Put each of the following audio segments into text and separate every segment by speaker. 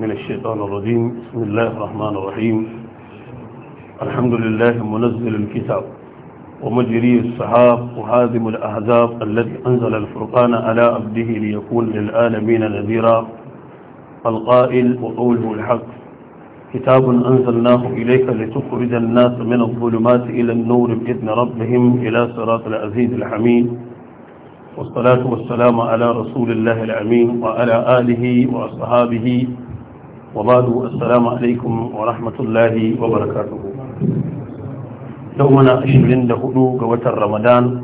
Speaker 1: من الشيطان الرجيم بسم الله الرحمن الرحيم الحمد لله منزل الكتاب ومجري السحاب وهادم الأحزاب الذي أنزل الفرقان على عبده ليكون للآلمين نذيرا القائل وقوله الحق كتاب أنزلناه إليك لتخرج الناس من الظلمات إلى النور بإذن ربهم إلى صراط العزيز الحميد والصلاة والسلام على رسول الله الأمين وعلى آله وأصحابه rahmatullahi السلام عليكم ورحمة الله وبركاته يومنا أشرين لهدو قوة رمضان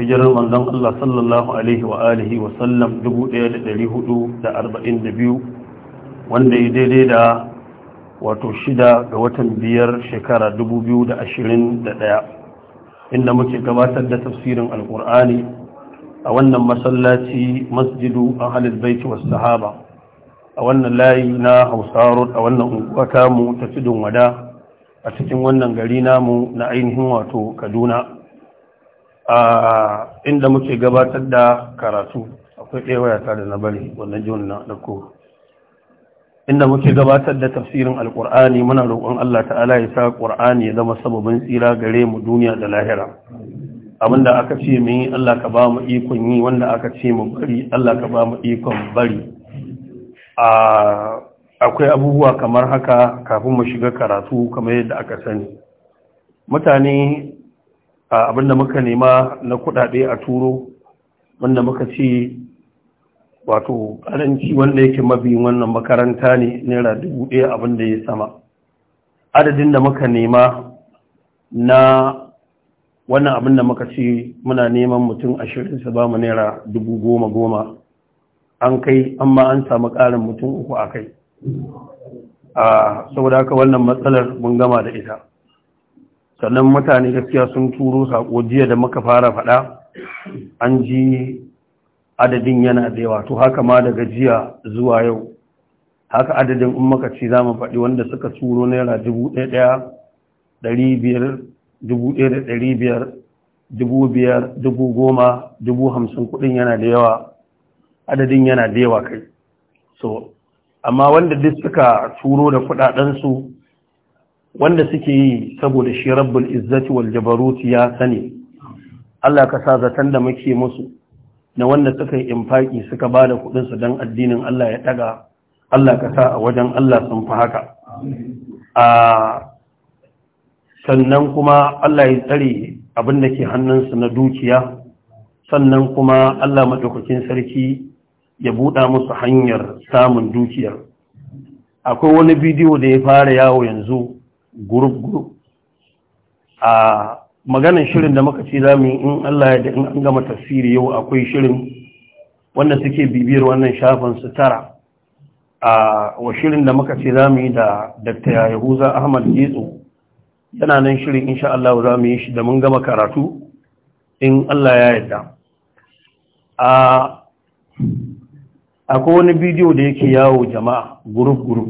Speaker 1: hijirar manzon Allah sallallahu alaihi wa alihi wa sallam 1442 wanda ya daidai da wato shida ga watan biyar shekara 2021 inda muke gabatar da tafsirin alkur'ani a wannan masallaci masjidu ahlul baiti wa sahaba a wannan layi na Road, a wannan unguwa mu ta tudun wada a cikin wannan gari namu na ainihin wato kaduna a inda muke gabatar da karatu akwai ɗaya ta da na bari wannan jiwon na ɗauko inda muke gabatar da tafsirin alƙur'ani muna roƙon allah ta'ala ya sa ƙur'ani ya zama sababin tsira gare mu duniya da lahira abinda aka ce mu yi allah ka ba mu ikon yi wanda aka ce mu bari allah ka ba mu ikon bari akwai abubuwa kamar haka kafin mu shiga karatu kamar yadda aka sani mutane abinda muka nema na kudade a turo wanda muka ce wato karanci wanda yake mabi wannan makaranta ne naira dubu ɗaya abinda ya sama adadin da muka nema na wannan abinda muka ce muna neman mutum ashirin su ba mu naira dubu goma goma an kai amma an samu ƙarin mutum uku a kai a saboda haka wannan matsalar mun gama da ita sannan mutane gaskiya sun turo saƙo jiya da muka fara faɗa an ji adadin yana da yawa to haka ma daga jiya zuwa yau haka adadin in muka ci za mu faɗi wanda suka turo naira dubu ɗaya ɗaya ɗari biyar dubu ɗaya da ɗari biyar dubu biyar dubu goma dubu hamsin kuɗin yana da yawa adadin yana da yawa kai so amma wanda duk suka turo da kuɗaɗensu, wanda suke yi saboda shi rabbul izzati wal jabarut ya sani Allah ka sa zaton da muke musu na wanda suka yi infaki suka ba da su dan addinin Allah ya daga Allah ka sa a wajen Allah sun fi haka a sannan kuma Allah ya tsare abin da ke hannunsu na dukiya sannan kuma Allah maɗaukakin sarki ya buɗa musu hanyar samun dukiyar akwai wani bidiyo da ya fara yawo yanzu gurub-gurub a maganin shirin da muka ce za mu yi in Allah ya da in an gama tafsiri yau akwai shirin wanda suke bibiyar wannan shafin su tara a wa shirin da muka ce za mu yi da Dr. Yahuza Ahmad Getso yana nan shirin insha Allah za mu yi shi da mun gama karatu in Allah ya yarda a akwai wani bidiyo da yake yawo jama'a guruf-guruf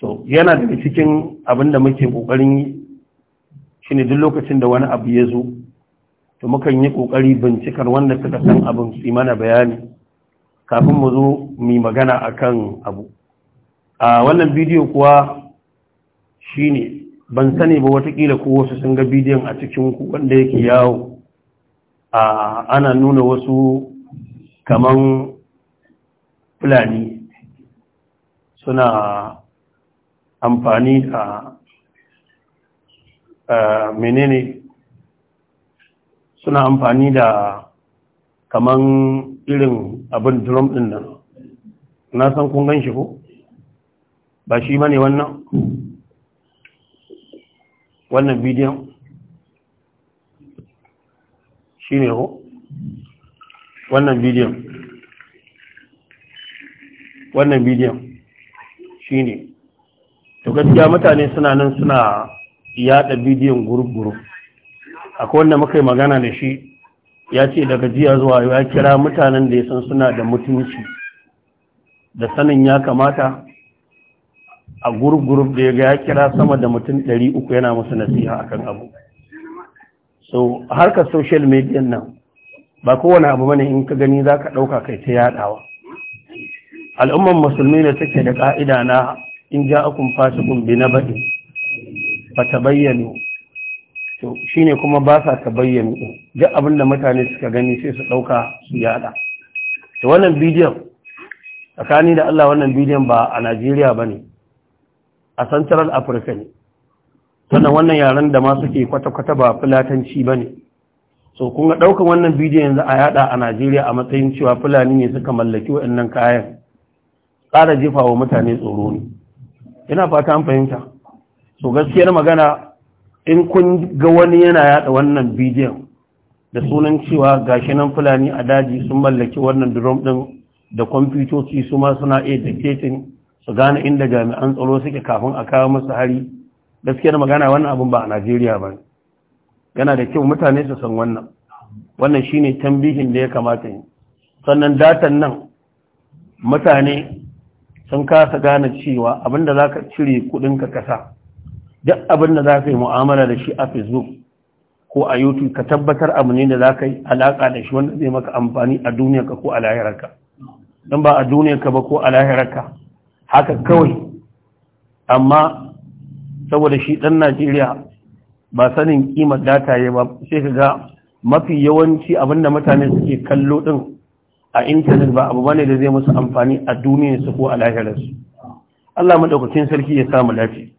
Speaker 1: so yana daga cikin abin da muke ƙoƙarin yi shi ne duk lokacin da wani abu ya zo to mukan yi kokari bincikar wanda suka san abin su mana bayani kafin mu zo mu magana akan abu a wannan bidiyo kuwa shi ne ban sani ba watakila ko wasu sun ga bidiyon a cikin ku wanda yake yawo ana nuna wasu kaman fulani suna amfani da eh, menene suna amfani da kaman irin abin drum din nan na san kun gan ko ba shi bane wannan wannan bidiyon shi ne ko wannan bidiyon wannan bidiyon shi ne to gaskiya mutane suna nan suna yada bidiyon guruguru akwai wanda muka yi magana da shi ya ce daga jiya zuwa ya kira mutanen da ya san suna da mutunci da sanin ya kamata a guruguru da ya ga ya kira sama da mutum 300 yana musu nasiha akan abu so harkar social media nan ba kowane abu bane in ka gani za ka ɗauka kai ta yaɗawa al'umman musulmi da take da ƙa'ida na in ja akun fasikun bi na baɗi ba ta bayyano to shi ne kuma ba sa ta bayyano duk abin da mutane suka gani sai su ɗauka su yaɗa to wannan bidiyon tsakani da Allah wannan bidiyon ba a Najeriya ba ne a Central Africa ne sannan wannan yaren da ma suke kwata-kwata ba fulatanci ba ne so kun ga ɗaukan wannan bidiyo yanzu a yada a najeriya a matsayin cewa fulani ne suka mallaki waɗannan kayan ƙara jefa wa mutane tsoro ne ina fata an fahimta so gaskiyar magana in kun ga wani yana yada wannan bidiyon da sunan cewa gashi nan fulani a daji sun mallaki wannan drum din da kwamfutoci su ma suna iya dictating su gane inda jami'an tsaro suke kafin a kawo musu hari gaskiyar magana wannan abin ba a najeriya ba ne yana da kyau mutane su san wannan wannan shine tambihin da ya kamata yi sannan datan nan mutane sun kasa gane cewa abinda za ka cire kudinka kasa duk abinda za ka yi mu'amala da shi a facebook ko a youtube ka tabbatar abu ne da za ka yi alaka da shi wanda zai maka amfani a duniyarka ko a lahirarka don ba a duniyarka ba ko a lahirarka haka kawai amma saboda shi ɗan najeriya ba sanin kimar data ya ba sai ka ga mafi yawanci abinda mutane suke kallo din a intanet ba abu bane da zai musu amfani a duniya su ko a lahirarsu. Allah maɗaukacin sarki ya samu lafi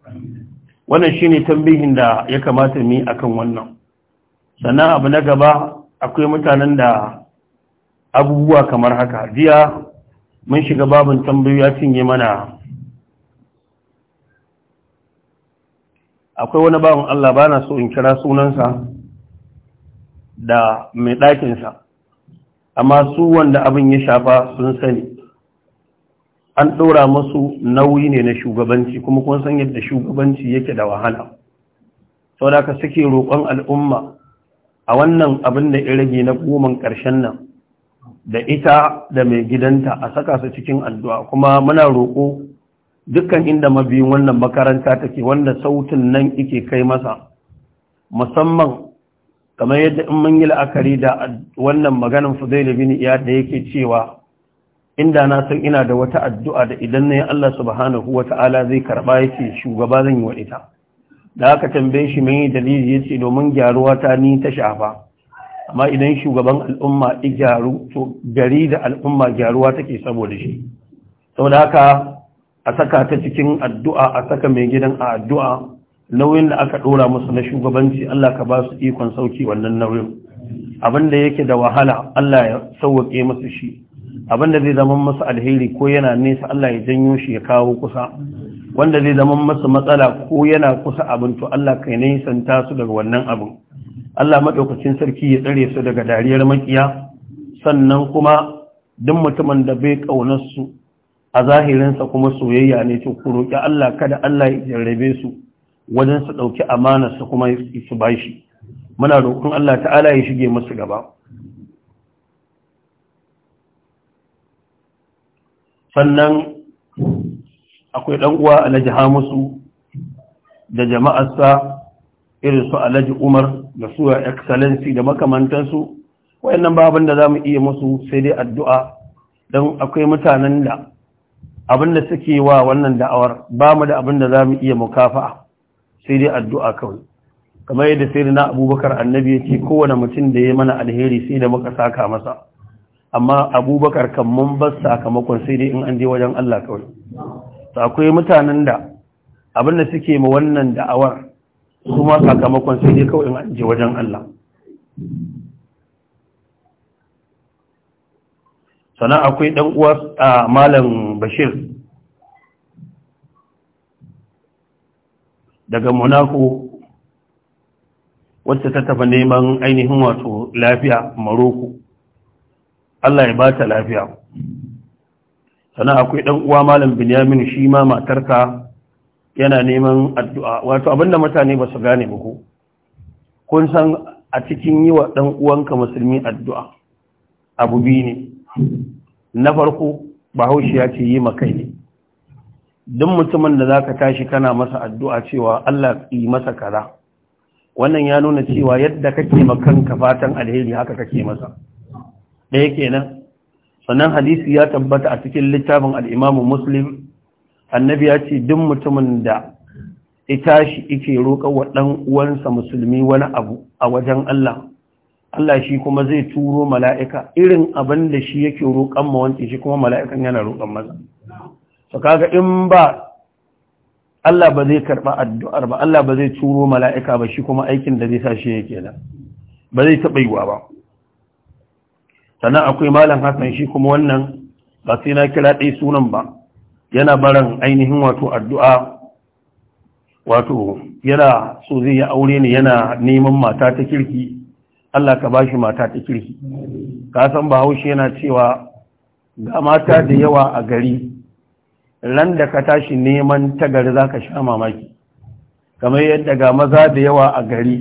Speaker 1: wannan shine tambihin da ya kamata mu yi akan wannan sannan abu na gaba akwai mutanen da abubuwa kamar haka jiya mun shiga babin tambayoyi ya cinye mana akwai wani bawan Allah ba na so in kira sunansa da mai ɗakinsa amma su wanda abin ya shafa sun sani an ɗora masu nauyi ne na shugabanci kuma kun san yadda shugabanci yake da wahala sau da ka suke roƙon al'umma a wannan abin da ya rage na goman ƙarshen nan da ita da mai gidanta a saka su cikin addu'a kuma muna roƙo dukkan inda mabiyin wannan makaranta take wanda sautin nan ike kai masa musamman kamar yadda in mun yi la'akari da wannan maganin fudailu bin iyad da yake cewa inda na san ina da wata addu'a da idan nayi Allah subhanahu wata'ala zai karba yake shugaba zan yi wa ita da aka tambaye shi mai dalili yace domin gyaruwa ta ni ta shafa amma idan shugaban al'umma i gyaru to gari da al'umma gyaruwa take saboda shi saboda haka a saka ta cikin addu'a a saka mai gidan a addu'a nauyin da aka ɗora musu na shugabanci Allah ka ba su ikon sauki wannan nauyin abin da yake da wahala Allah ya sauwaƙe musu shi abin da zai zama musu alheri ko yana nesa Allah ya janyo shi ya kawo kusa wanda zai zama musu matsala ko yana kusa abin to Allah kai nisanta su daga wannan abin Allah maɗaukacin sarki ya tsare su daga dariyar makiya sannan kuma duk mutumin da bai ƙaunar su a zahirinsa kuma soyayya ne ce ku roƙi Allah kada Allah ya jarrabe su wajen su ɗauki amanarsa kuma su bashi muna roƙon Allah ta'ala ya shige musu gaba sannan akwai ɗan uwa alhaji hamusu da jama'arsa irin su alhaji umar da suwa excellency da makamantansu wayannan babin da za mu iya musu sai dai addu'a don akwai mutanen da Abin da suke wa wannan da'awar ba mu da abin da za mu iya mukafa'a sai dai addu'a kawai kamar yadda sai da na abubakar annabi ya ce kowane mutum da ya mana alheri sai da muka saka masa amma abubakar kan mun bar sakamakon sai dai in an je wajen Allah kawai to akwai mutanen da abin da suke ma wannan da'awar kuma sakamakon sai dai kawai in an je wajen Allah sannan akwai ɗan uwa a malam bashir daga monaco wacce ta tafa neman ainihin wato lafiya maroko allah ya ba ta lafiya sannan akwai ɗan uwa malam binyamin shi ma matarka yana neman addu'a wato abinda mutane ba su gane ba ko kun san a cikin yi wa ɗan uwanka musulmi addu'a abu biyu ne na farko bahaushe ya ce yi makai ne duk mutumin da za ka tashi kana masa addu'a cewa Allah yi masa kaza wannan ya nuna cewa yadda kake makanka fatan alheri haka kake masa ɗaya kenan sannan hadisi ya tabbata a cikin littafin al'imamu muslim annabi ya ce duk mutumin da ita shi ike roƙa wa ɗan uwansa musulmi wani abu a wajen Allah Allah shi kuma zai turo mala'ika irin abin da shi yake roƙon mawanci shi kuma mala'ikan yana roƙon maza. So kaga in ba Allah ba zai karɓa addu'ar ba, Allah ba zai turo mala'ika ba shi kuma aikin da zai sa shi yake da, ba zai taɓa yiwa ba. Sannan akwai malam Hassan shi kuma wannan ba sai na kira ɗai sunan ba, yana baran ainihin wato addu'a wato yana so zai yi aure ne yana neman mata ta kirki. Allah ka ba shi mata ta kirki ka san bahaushe yana cewa ga mata da yawa a gari ran da ka tashi neman tagar za ka sha mamaki kamar yadda ga maza da yawa a gari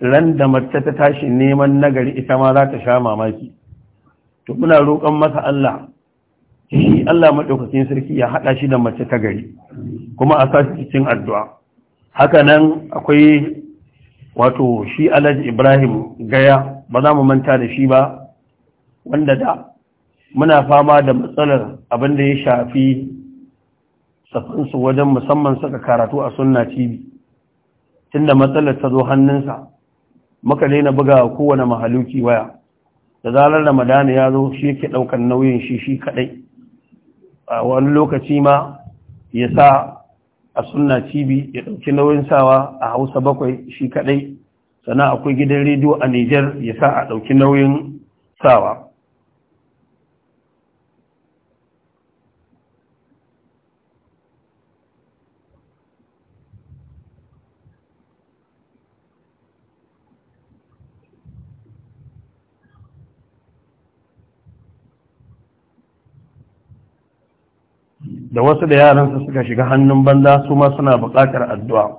Speaker 1: ran da mace ta tashi neman nagari ita ma za ta sha mamaki to muna roƙon masa Allah shi Allah maɗaukakin sarki ya haɗa shi da mace ta gari kuma a sa cikin addu'a haka nan akwai wato shi alhaji ibrahim gaya ba za mu manta da shi ba wanda da muna fama da matsalar abin da ya shafi safinsu wajen musamman saka karatu a sunna tun tunda matsalar ta zo hannunsa muka daina buga kowane mahaluki waya da zarar ramadana ya zo shi yake ɗaukar nauyin shi shi kaɗai a wani lokaci ma ya sa a sunna tv ya ɗauki nauyin sawa a hausa bakwai shi kaɗai sannan akwai gidan rediyo a niger ya sa a ɗauki nauyin sawa da wasu da yaransa suka shiga hannun banda, su ma suna buƙatar addu'a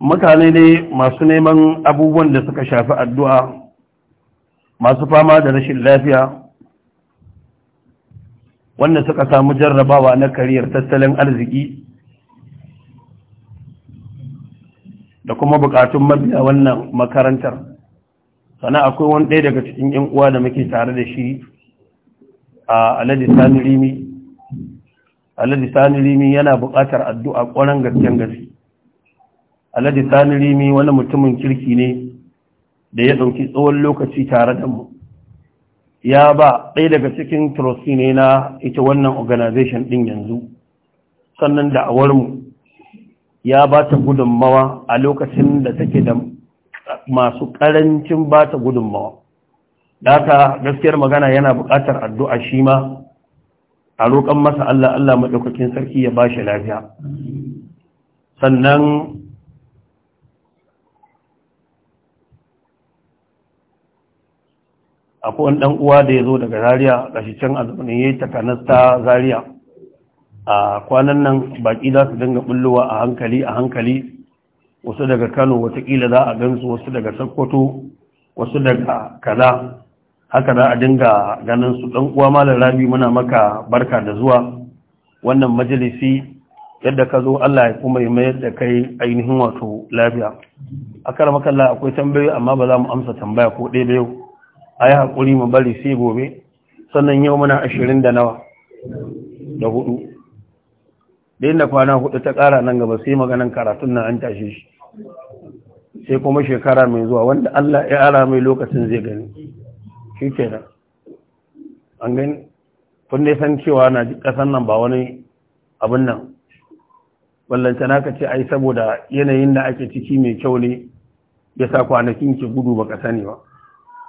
Speaker 1: mutane ne masu neman abubuwan da suka shafi addu'a masu fama da rashin lafiya wanda suka samu jarrabawa na kariyar tattalin arziki da kuma bukatun mabiya wannan makarantar sana akwai wani ɗaya daga cikin yan uwa da muke tare da shi a alhaji sani rimi alhaji sani rimi yana buƙatar addu'a kwanan gasken gaske alhaji sani rimi wani mutumin kirki ne da ya ɗauki tsawon lokaci tare da mu ya ba ɗaya daga cikin trusty ne na ita wannan organization ɗin yanzu sannan da awarmu ya ba ta gudunmawa a lokacin da take da masu ƙarancin ba ta gudunmawa daka gaskiyar magana yana buƙatar addu'a shi ma a roƙon masa Allah Allah maɗaukakin sarki ya ba shi lafiya sannan akwai ɗan uwa da ya zo daga zariya gashi can a ya yi takanasta zariya a kwanan nan baƙi za su dinga bullowa a hankali a hankali wasu daga kano watakila za a gansu wasu daga sokoto wasu daga Kada. haka za a dinga ganin su ɗan uwa malar rabi muna maka barka da zuwa wannan majalisi yadda ka zo Allah ya kuma mayar da kai ainihin wato lafiya akar makalla akwai tambayoyi amma ba za mu amsa tambaya ko ɗaya da yau a yi haƙuri mu bari sai gobe sannan yau muna ashirin da nawa da hudu da inda kwana hudu ta kara nan gaba sai maganin karatun nan an tashe shi sai kuma shekara mai zuwa wanda Allah ya ara mai lokacin zai gani shi ke nan an gani kun dai san cewa na ƙasan nan ba wani abin nan wallanta na ce ai saboda yanayin da ake ciki mai kyau ne ya sa kwanakin ke gudu ba sani ba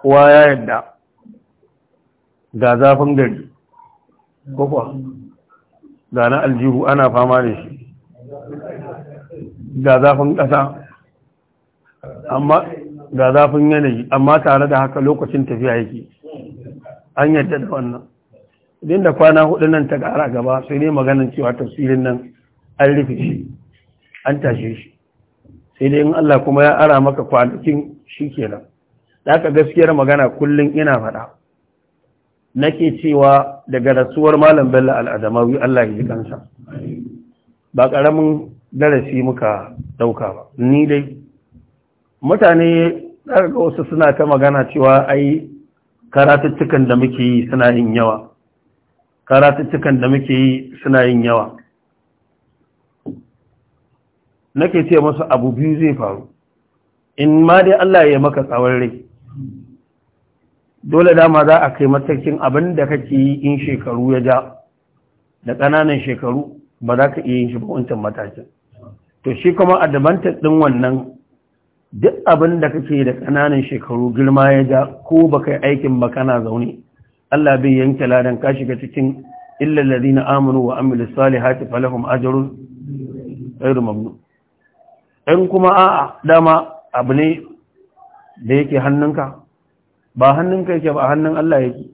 Speaker 1: kowa ya yarda. ga zafin gari ko ga na aljihu ana fama da shi ga zafin ƙasa ga zafin yanayi amma tare da haka lokacin tafiya yake an yadda da wannan idan da kwana hudu nan ta ƙara gaba sai ne maganin cewa tafsirin nan an rufe shi an tashe shi sai dai in Allah kuma ya ara maka kwanakin shi kenan da aka gaskiyar magana kullum ina faɗa nake cewa daga rasuwar malam bello al'adamawi Allah ya ji kansa ba ƙaramin darasi muka ɗauka ba ni dai mutane daga wasu suna ta magana cewa ai karatuttukan da muke yi suna yin yawa karatuttukan da muke yi suna yin yawa nake ce masu abu biyu zai faru in ma dai Allah ya maka tsawon rai dole dama za a kai matakin abin da kake yi in shekaru ya ja da ƙananan shekaru ba za ka iya yin shi ba wancan matakin to shi kuma dabanta ɗin wannan duk abin da kake da ƙananan shekaru girma ya ja ko ba kai aikin ba kana zaune Allah bai yanke ladan ka shiga cikin illal ladina amanu wa amilus salihati falahum ajrun ghayru mamnun in kuma a'a dama abu ne da yake hannunka ba hannun kai ke ba hannun Allah yake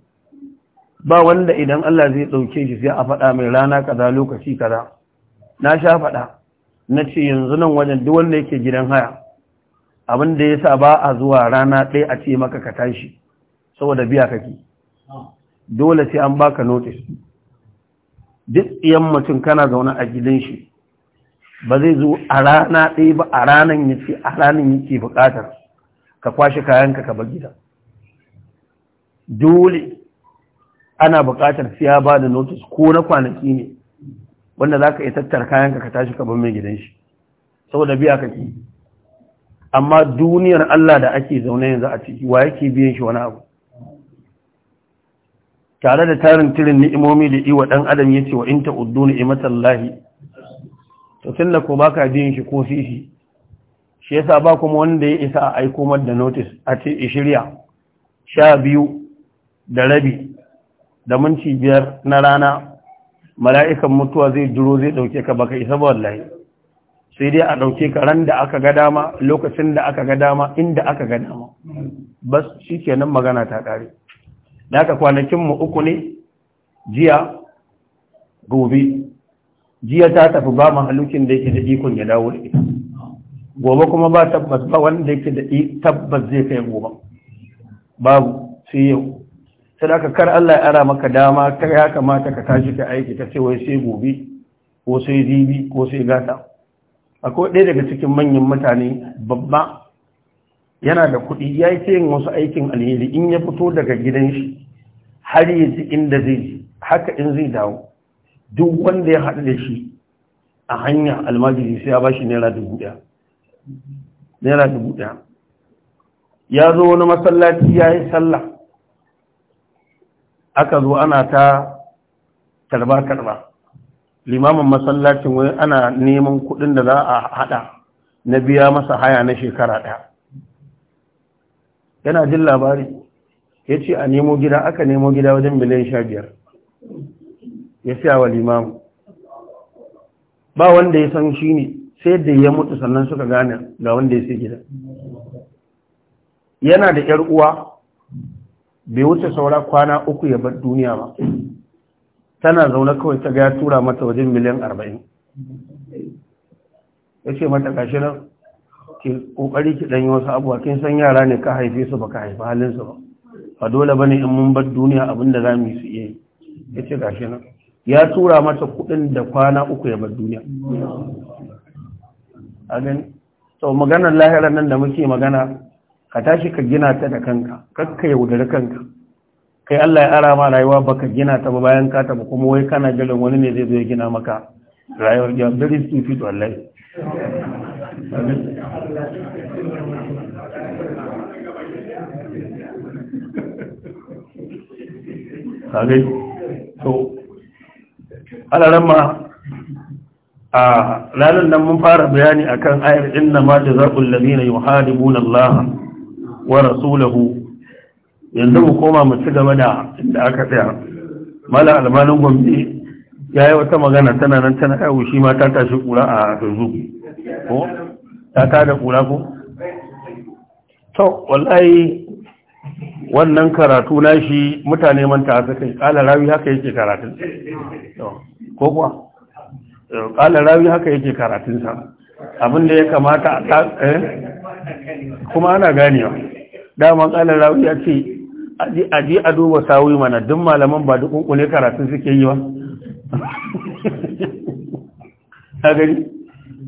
Speaker 1: ba wanda idan Allah zai ɗauke shi sai a faɗa mai rana kaza lokaci kaza na sha faɗa na ce yanzu nan wajen duk wanda yake gidan haya abin da yasa ba a zuwa rana ɗaya a ce maka ka tashi saboda biya kake dole sai an baka notice duk iyan mutum kana zaune a gidan shi ba zai zo a rana ɗaya ba a ranan ya a ranan yake buƙatar ka kwashe kayanka ka bar gidan. dole ana buƙatar siya ba da notis ko na kwanaki ne wanda za ka yi tattar kayan ka tashi ka bar mai gidan shi saboda biya ka ke amma duniyar Allah da ake zaune yanzu a ciki wa yake biyan shi wani abu tare da tarin tirin ni'imomi da iwa dan adam yace wa inta uddu ni'matallahi to tunda ko baka biyan shi ko sisi shi yasa ba kuma wanda ya isa a aiko mar da notice a ce shirya sha biyu da rabi da minti biyar na rana mala'ikan mutuwa zai jiro zai ɗauke ka baka isa ba wallahi sai dai a ɗauke ka ran da aka ga dama lokacin da aka ga dama inda aka ga dama bas shi kenan magana ta ƙare da aka kwanakinmu uku ne jiya gobe jiya ta tafi ba mahalukin da yake da ikon ya dawo da ita gobe kuma ba tabbas ba wanda yake da tabbas zai kai gobe babu sai yau sai aka kar Allah ya ara maka dama kai ya kamata ka tashi ka aiki ta ce wai sai gobe ko sai dibi ko sai gata akwai ɗaya daga cikin manyan mutane babba yana da kuɗi ya yi ta yin wasu aikin alheri in ya fito daga gidan shi har ya ji inda zai ji haka in zai dawo duk wanda ya haɗu da shi a hanya almajiri sai ya ba shi naira dubu ɗaya naira dubu ɗaya ya zo wani masallaci ya yi sallah aka zo ana ta karba-karba limamin masallacin wai ana neman kudin da za a hada na biya masa haya na shekara daya yana jin labari ya ce a nemo gida aka nemo gida wajen miliyan sha biyar ya siya wa limamu ba wanda ya san shi ne sai da ya mutu sannan suka gane ga wanda ya sai gida yana da 'yar uwa bai wuce saura kwana uku ya bar duniya ba tana zaune kawai ta ga ya tura mata wajen miliyan arba'in ya ce mata gashi nan ke kokari ki ɗanyi wasu abuwa kin san yara ne ka haife su ba ka haifi halinsu ba ba dole ba ne in mun bar duniya abin da za mu yi su iya yi ya ce gashi nan ya tura mata kuɗin da kwana uku ya bar duniya a gani sau maganar lahirar nan da muke magana ka tashi ka gina ta da kanka kakka yaudari kanka kai Allah ya ara ma rayuwa baka gina ta ba bayan ka tafi kuma wai kana jiran wani ne zai zo ya gina maka rayuwar ya very stupid wallahi kagai to ma. a ranar nan mun fara bayani akan ayar inna ma jazaa'ul ladina yuhadibuna Allah wa rasulahu yanzu mu koma mu ci gaba da inda aka tsaya Mala almanin gombe ya yi wata magana tana nan tana yawo shi ma ta tashi kura a yanzu ko ta da kura ko to wallahi wannan karatu na shi mutane manta suka kai. kala rawi haka yake karatun ko kuwa kala rawi haka yake Abin abinda ya kamata a eh? kuma ana ganewa dama kala rawi ya ce aji aji a duba sawi mana duk malaman ba duk kunkule karatun suke yi ba ta gani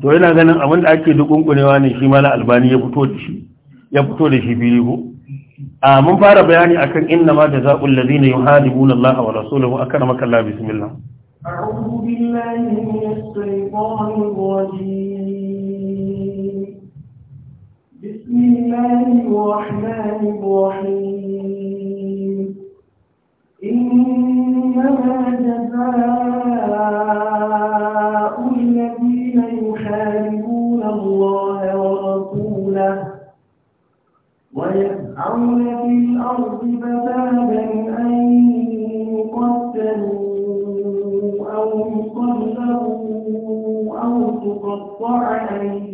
Speaker 1: to yana ganin abin da ake duk kunkulewa ne shi mala albani ya fito da shi ya fito da shi biyu ko a mun fara bayani akan inna ma jazaul ladina yuhadibuna Allah wa rasulahu akramaka Allah bismillah
Speaker 2: a'udhu billahi minash الشيطان rajim الله الرحمن الرحيم إنما جزاء الذين يحاربون الله ورسوله ويسعون في الأرض فسادا أن يقتلوا أو يصلبوا أو تقطع أيديهم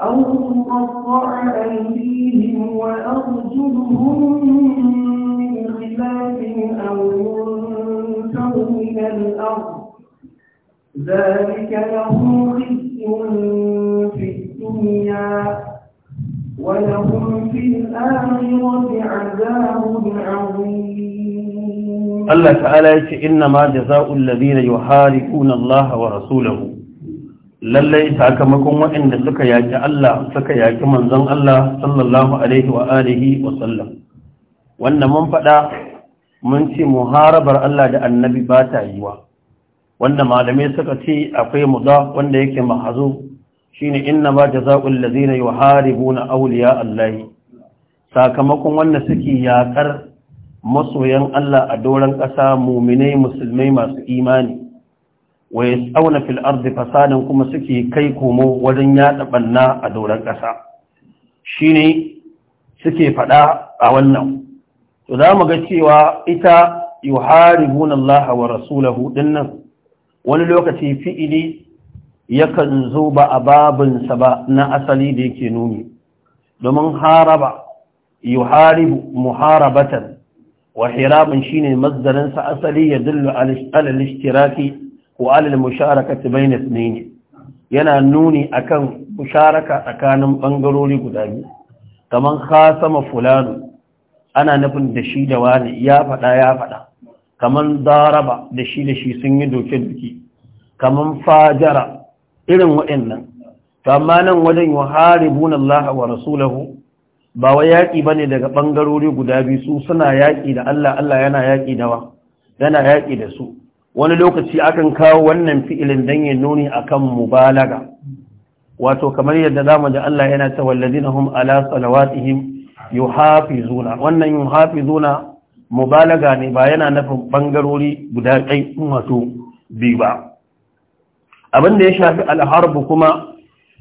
Speaker 2: أو تقطع أيديهم وأرجلهم من خلاف أو ينفوا من الأرض ذلك لهم خزي في الدنيا ولهم في الآخرة عذاب عظيم
Speaker 1: الله تعالى إنما جزاء الذين يحاربون الله ورسوله lallai sakamakon waɗanda suka yaƙi Allah suka yaƙi manzon Allah sallallahu alaihi wa alihi wa sallam wanda mun faɗa mun ce muharabar Allah da annabi ba ta yiwa wanda malamai suka ce akwai muza wanda yake mahazu shine inna ma jazaa'ul ladzina yuharibuna awliya Allah sakamakon wanda suke yaƙar masoyan Allah a doron ƙasa muminai musulmai masu imani wa yas'auna fil ardi fasadan kuma suke kai komo wajen yada banna a doron ƙasa ne suke fada a wannan to za mu ga cewa ita yuharibuna Allah wa rasulahu dinnan wani lokaci fi'ili yakan zo ba a babinsa ba na asali da yake nuni domin haraba yuharibu muharabatan wa shi shine mazdaransa asali ya dillu al-ishtiraki ko alal musharakati ne ne. yana nuni akan musharaka tsakanin ɓangarori guda biyu kaman khasama fulanu ana nufin da shi da wani ya fada ya fada kaman daraba da shi da shi sun yi doke duki kaman fajara irin waɗannan to amma nan wajen yuharibuna Allah wa rasulahu ba wa yaƙi ba ne daga ɓangarori guda biyu su suna yaƙi da Allah Allah yana yaƙi da wa yana yaƙi da su wani lokaci akan kawo wannan fi'ilin dan ya nuni akan mubalaga wato kamar yadda zamu ji Allah yana cewa walladina hum ala salawatihim zuna wannan yuhafi-zuna mubalaga ne ba yana nufin bangarori guda ɗai wato biyu ba abin da ya shafi alharbu kuma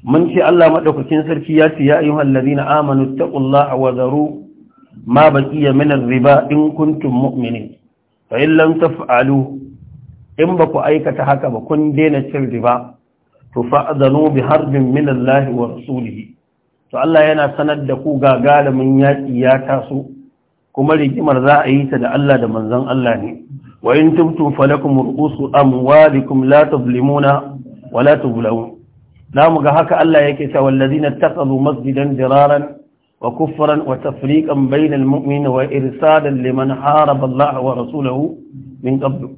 Speaker 1: mun ce Allah maɗaukakin sarki ya ce ya ayyuhal ladina amanu taqullaha a Wazaru ma ya minar riba in kuntum mu'minin fa in lam in ba ku aikata haka ba kun daina cin riba to fa'adhanu bi harbin min Allah wa rasulihi to Allah yana sanar da ku ga galamin yaki ya taso kuma rigimar za a yi ta da Allah da manzon Allah ne wa in tubtum falakum ru'usu amwalikum la tuzlimuna wa la tuzlamun mu ga haka Allah yake cewa wallazina taqadu masjidan diraran وكفرا وتفريقا wa المؤمن liman لمن حارب wa ورسوله من قبل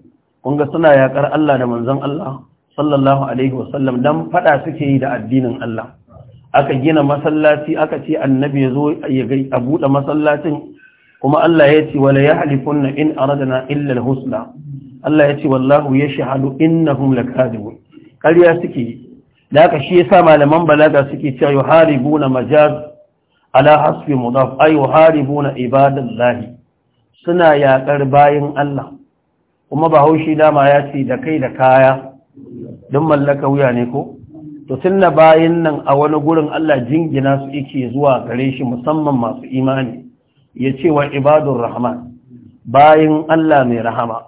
Speaker 1: kun ga suna yakar Allah da manzon Allah sallallahu alaihi wasallam dan fada suke yi da addinin Allah aka gina masallaci aka ce annabi ya zo a buɗe masallacin kuma Allah ya ce wala yahlifunna in aradna illa alhusna Allah ya ce wallahu yashhadu innahum lakadibun ƙarya suke da aka shi yasa malaman balaga suke cewa yuharibuna majaz ala hasbi mudaf ay yuharibuna ibadallahi suna yakar bayin Allah kuma bahaushe dama ya ce da kai da kaya don mallaka wuya ne ko to da bayan nan a wani gurin Allah jingina su yake zuwa gare shi musamman masu imani ya ce wa ibadur rahman bayan Allah mai rahama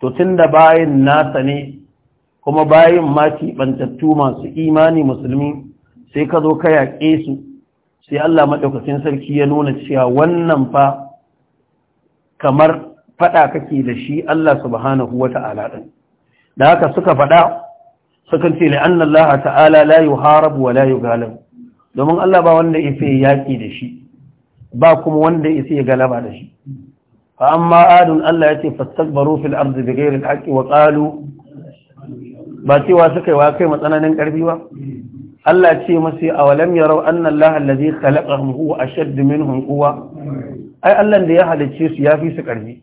Speaker 1: to tunda bayan nasa ne kuma bayan mati bantattu masu imani musulmi sai ka zo ka yaƙe su sai Allah maɗaukacin sarki ya nuna cewa wannan fa kamar faɗa kake da shi Allah subhanahu wa ta'ala ɗin da haka suka faɗa sukan ce la'anna Allah ta'ala layu harabu wa layu galabu. domin Allah ba wanda yake yaki da shi ba kuma wanda yake galaba da shi fa amma adun Allah ya ce fil ardi bighayri al-haqqi wa qalu ba cewa suka yi wa kai matsananin karfi ba Allah ce masu a walam rau anna Allah allazi khalaqahum huwa ashadd minhum ai Allah da ya halicce su yafi su karfi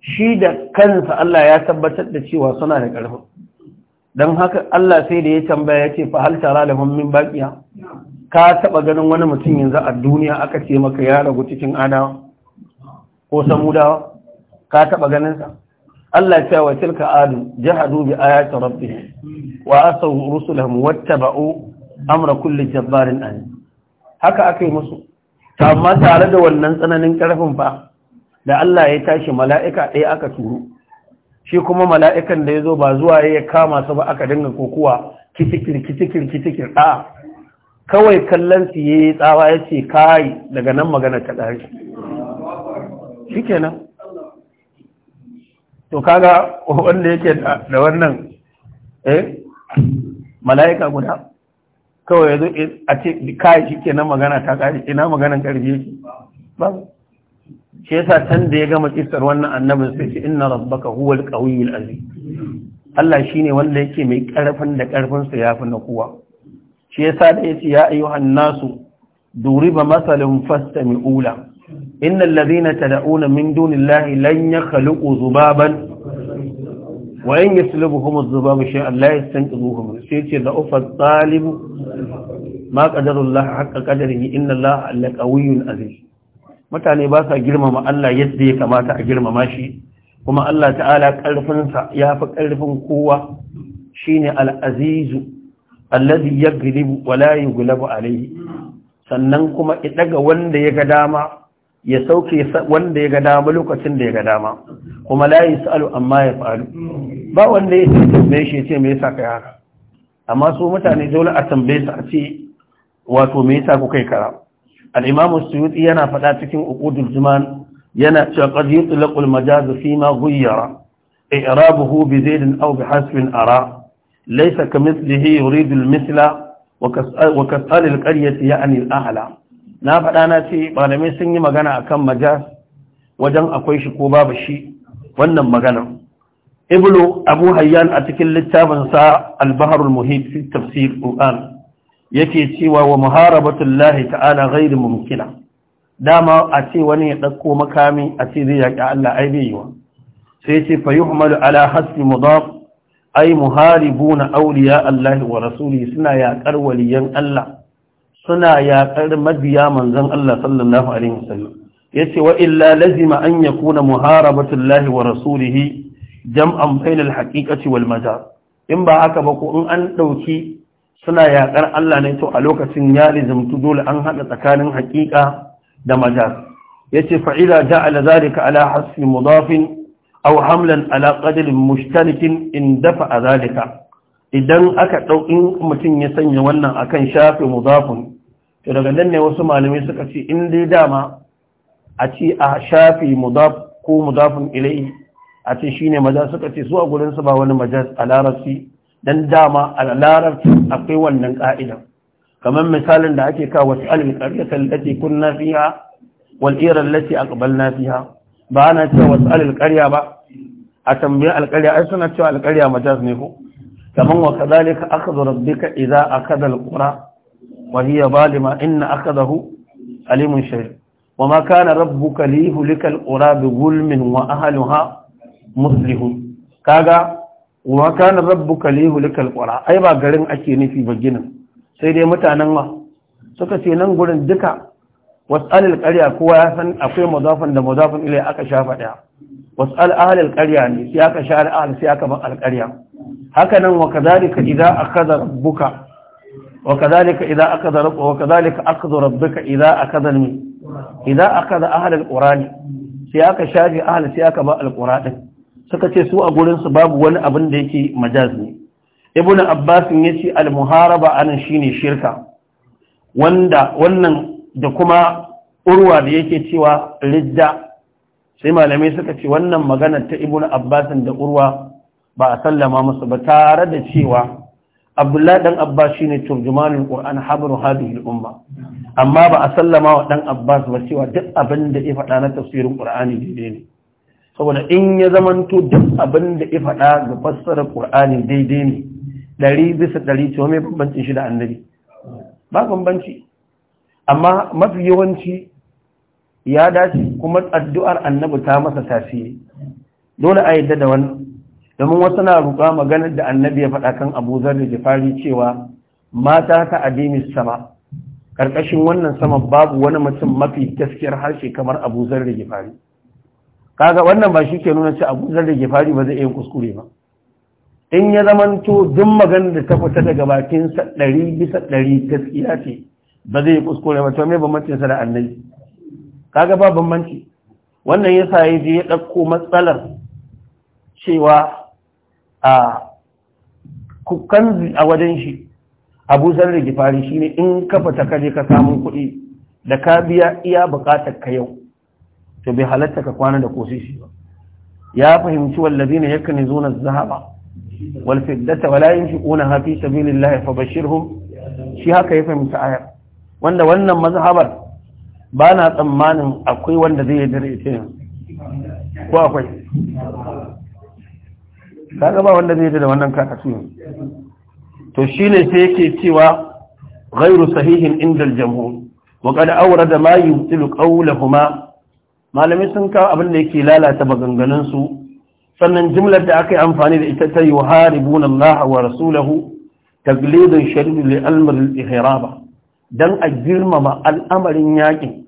Speaker 1: shi da kansa Allah ya tabbatar da cewa suna da ƙarfin don haka Allah sai da ya tambaya ya ce fa hal tara da hannun baƙiya? ka taɓa ganin wani mutum yanzu a duniya aka ce maka ya ragu cikin adawa ko samudawa ka taɓa ganin sa Allah ya ce wa tilka adu jahadu bi ayati rabbihim wa asaw rusulahum wattaba'u amra kulli jabbarin an haka akai musu amma tare da wannan tsananin karfin fa da Allah ya tashi mala'ika ɗaya aka turu shi kuma mala'ikan da ya zo ba zuwa ya kama su ba aka dinga kokowa kitikir kitikir kitikir a kawai kallon su yi tsawa ya ce kai daga nan magana ta ɗari shi kenan to kaga wanda yake da wannan eh mala'ika guda kawai ya zo a ce kai shi kenan magana ta ƙari ina maganan ƙarfi yake ba shi yasa can da ya gama kisar wannan annabin sai ce inna rabbaka huwal qawiyul aziz Allah shine wanda yake mai karfin da karfin sa yafi na kowa shi yasa da yace ya ayyuhan nasu duriba masalun fastami'u la innal ladhina tad'una min dunillahi lan yakhluqu zubaban wa in yaslubuhum adh-dhubabu shay'an la yastanqidhuhum sai ce da ufat talib ma qadarullah haqqa qadarihi inna allaha al-qawiyyul aziz mutane ba sa girmama Allah yadda ya kamata a girmama shi kuma Allah ta'ala ƙarfinsa ya fi ƙarfin kowa shine al'azizu allazi ya gulibu wala gulabu alayhi sannan kuma ɗaga wanda ya ga dama ya sauke wanda ya ga dama lokacin da ya ga dama kuma la yi sa'alu amma ya faru. ba wanda ya ce tambaye shi ce me yasa kai haka amma su mutane dole a tambaye su a ce wato me yasa ku kai kara al-imam yana faɗa cikin uqudul juman yana cewa qad yutlaqul majaz fi ma ghayyara i'rabuhu bi zaid aw bi hasb ara laysa kamithlihi yuridu al-mithla wa kas'al al-qaryati ya'ni al-ahla na faɗa na ce malamai sun yi magana akan majaz wajen akwai shi ko babu shi wannan maganar ibnu abu hayyan a cikin littafinsa al-baharul muhit fi tafsir qur'an yake cewa wa muharabatullahi ta'ala ghairu mumkina dama a ce wani ya dauko makami a ce zai yaki Allah ai bai yiwa sai ya ce fa yuhmalu ala hasbi mudaf ay muharibuna awliya Allah wa rasuli suna yaƙar waliyan Allah suna yaƙar mabiya manzon Allah sallallahu alaihi wasallam yace wa illa lazima an yakuna muharabatullahi wa rasulihi jam'an bainal haqiqati wal in ba haka ba ko in an dauki suna yaƙar Allah ne to a lokacin ya lizimtu dole an haɗa tsakanin haƙiƙa da majaz yace fa'ila ja zalika ala hasfi mudafin aw hamlan ala qadrin mushtarikin in dafa zalika idan aka dau in mutum ya sanya wannan akan shafi mudafin to daga nan ne wasu malamai suka ce in dai dama a ci a shafi mudaf ko mudafin ilai? a ce shine majaz suka ce su a gurin su ba wani majaz a larabci dan dama a larabci akwai wannan ka'idan kamar misalin da ake kawo wasu wasalin qaryata allati kunna fiha wal ira allati na fiya. ba ana cewa wasu qarya ba a tambayi alqarya ai suna cewa alqarya majaz ne ko kamar wa kadhalika akhdhu rabbika idza akhadha alqura wa hiya zalima inna akhadahu alimun ma ka rabu shadid وما كان ربك ليهلك القرى بظلم واهلها مصلحون kaga. wa kana rabbuka liyuhlikal qura ai ba garin ake nufi ba ginin sai dai mutanen ma suka ce nan gurin duka was'alil qarya kowa ya san akwai mudafan da mudafan ilai aka shafa daya was'al ahlil qarya ne sai aka share ahl sai aka bar alqarya haka nan wa kadhalika idza akhadha rabbuka wa kadhalika idza akhadha rabbuka wa kadhalika akhadha rabbuka idza akhadha idza akhadha ahlil qura sai aka shafe ahl sai aka bar alqura din suka ce su a gurinsu babu wani abin da yake majaz ne ibn abbas ya ce al-muharaba anan shine shirka wanda wannan da kuma urwa da yake cewa ridda sai malamai suka ce wannan magana ta ibn abbas da urwa ba a sallama musu ba tare da cewa abdullahi dan abbas shine turjumanul qur'an habru hadhihi al-umma amma ba a sallama wa dan abbas ba cewa duk abin da ya faɗa na tafsirin qur'ani daidai ne saboda in ya zamanto duk abin da ya faɗa ga fassara ƙur'ani daidai ne ɗari bisa ɗari cewa mai bambancin shi da annabi ba bambanci amma mafi yawanci ya dace kuma addu'ar annabi ta masa tasiri dole a yadda da wannan domin wasu na ruka maganar da annabi ya faɗa kan abu zar da jifari cewa mata ta addini sama ƙarƙashin wannan sama babu wani mutum mafi gaskiyar harshe kamar abu zar da jifari kaga wannan ba shi ke nuna ce abu zan rage fari ba zai iya kuskure ba in ya zamanto duk maganar da ta fita daga bakin sa ɗari bisa ɗari gaskiya ce ba zai kuskure ba to me bambancin sa da annabi kaga ba bambanci wannan yasa ya je ya ɗauko matsalar cewa a kukan a wajen shi abu zar gifari shine in ka fita kaje ka samu kuɗi da ka biya iya buƙatar ka yau to bai halatta ka kwana da kosisi ba ya fahimci yakan yi az-zahaba wal fiddata wala yunfiquna fi sabilillahi fabashshirhum shi haka ya fahimci ayar wanda wannan mazhabar ba na tsammanin akwai wanda zai yarda ta ita ko akwai kaga ba wanda zai yi da wannan karatu ne to shine sai yake cewa ghairu sahihin inda al-jamhur wa qad awrada ma yubtilu qawluhuma Malami sun kawo abin da yake lalata maganganunsu sannan jimlar da aka yi amfani da ita ta yi wa Allah wa rasulahu taglidin shari'u li ihraba dan a girmama al'amarin yakin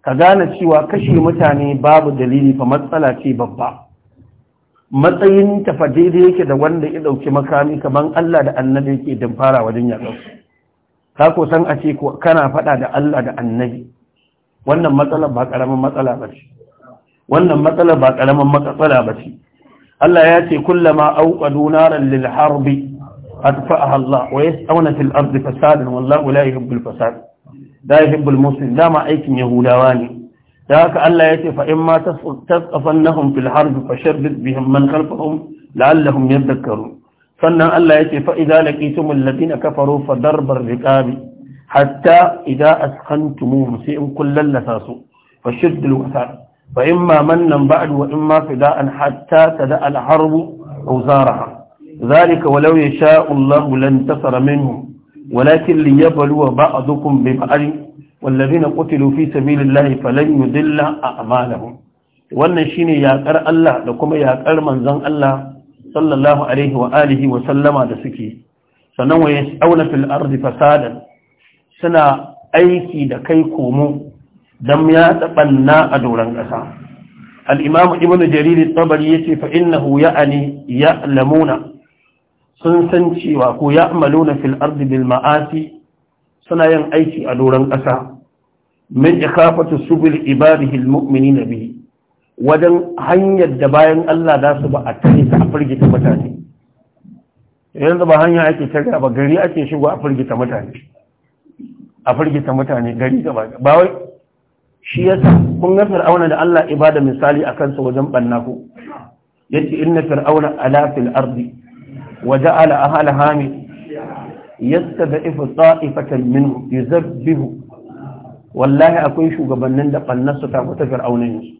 Speaker 1: ka gane cewa kashe mutane babu dalili fa matsala ce babba matsayin tafa daidai yake da wanda ya dauki makami kamar Allah da annabi yake fara wajen yaƙa ka ko san a ce kana faɗa da Allah da annabi wannan matsala ba ƙaramin matsala ba ce wannan matsala ba ƙaramin matsala ba ce Allah ya ce kullama auqadu naran lil harbi atfa'aha Allah wa yas'awna fil ardi fasadan wallahu la yuhibbul fasad da yuhibbul muslim dama aikin yahudawa ne da haka Allah ya ce fa in ma tasqafannahum fil harbi fashaddid bihim man khalfahum la'allahum yadhakkarun sannan Allah ya ce fa idza laqitumul ladina kafaru fadarbar riqabi hatta idza asqantumu sai in kun lallasa su fa shiddul wasal fa imma mannan ba'd wa imma fida'an hatta tada al harbu awzaraha zalika walau yasha Allah lan tasara minhum walakin liyabluwa ba'dukum bi ba'd والذين قتلوا في سبيل الله فلن يضل wannan shine yakar Allah da kuma yakar manzon Allah sallallahu alaihi wa alihi wa sallama da suke sannan waye auna fil ardi fasadan suna aiki da kai komo don ya taɓanna a doron ƙasa al'imamu ibn jariri tabari ya ce fa'innahu ya'ani ya lamuna sun san cewa ko ya amaluna fil ardi bil ma'asi suna yin aiki a doron ƙasa min ikafatu subil ibadihi almu'mini nabi wajen hanyar da bayan Allah za su ba a tare ta a firgita mutane yanzu ba hanya ake tare ba gari ake shigo a firgita mutane a firgita mutane gari gaba ba wai shi sa kun ga fir'auna da Allah ibada misali akan sa wajen banna ku yace inna fir'auna ala fil ardi wa ja'ala ahlaha min yastad'ifu ta'ifatan minhu yuzabbihu wallahi akwai shugabannin da bannar su ta fita fir'auna ne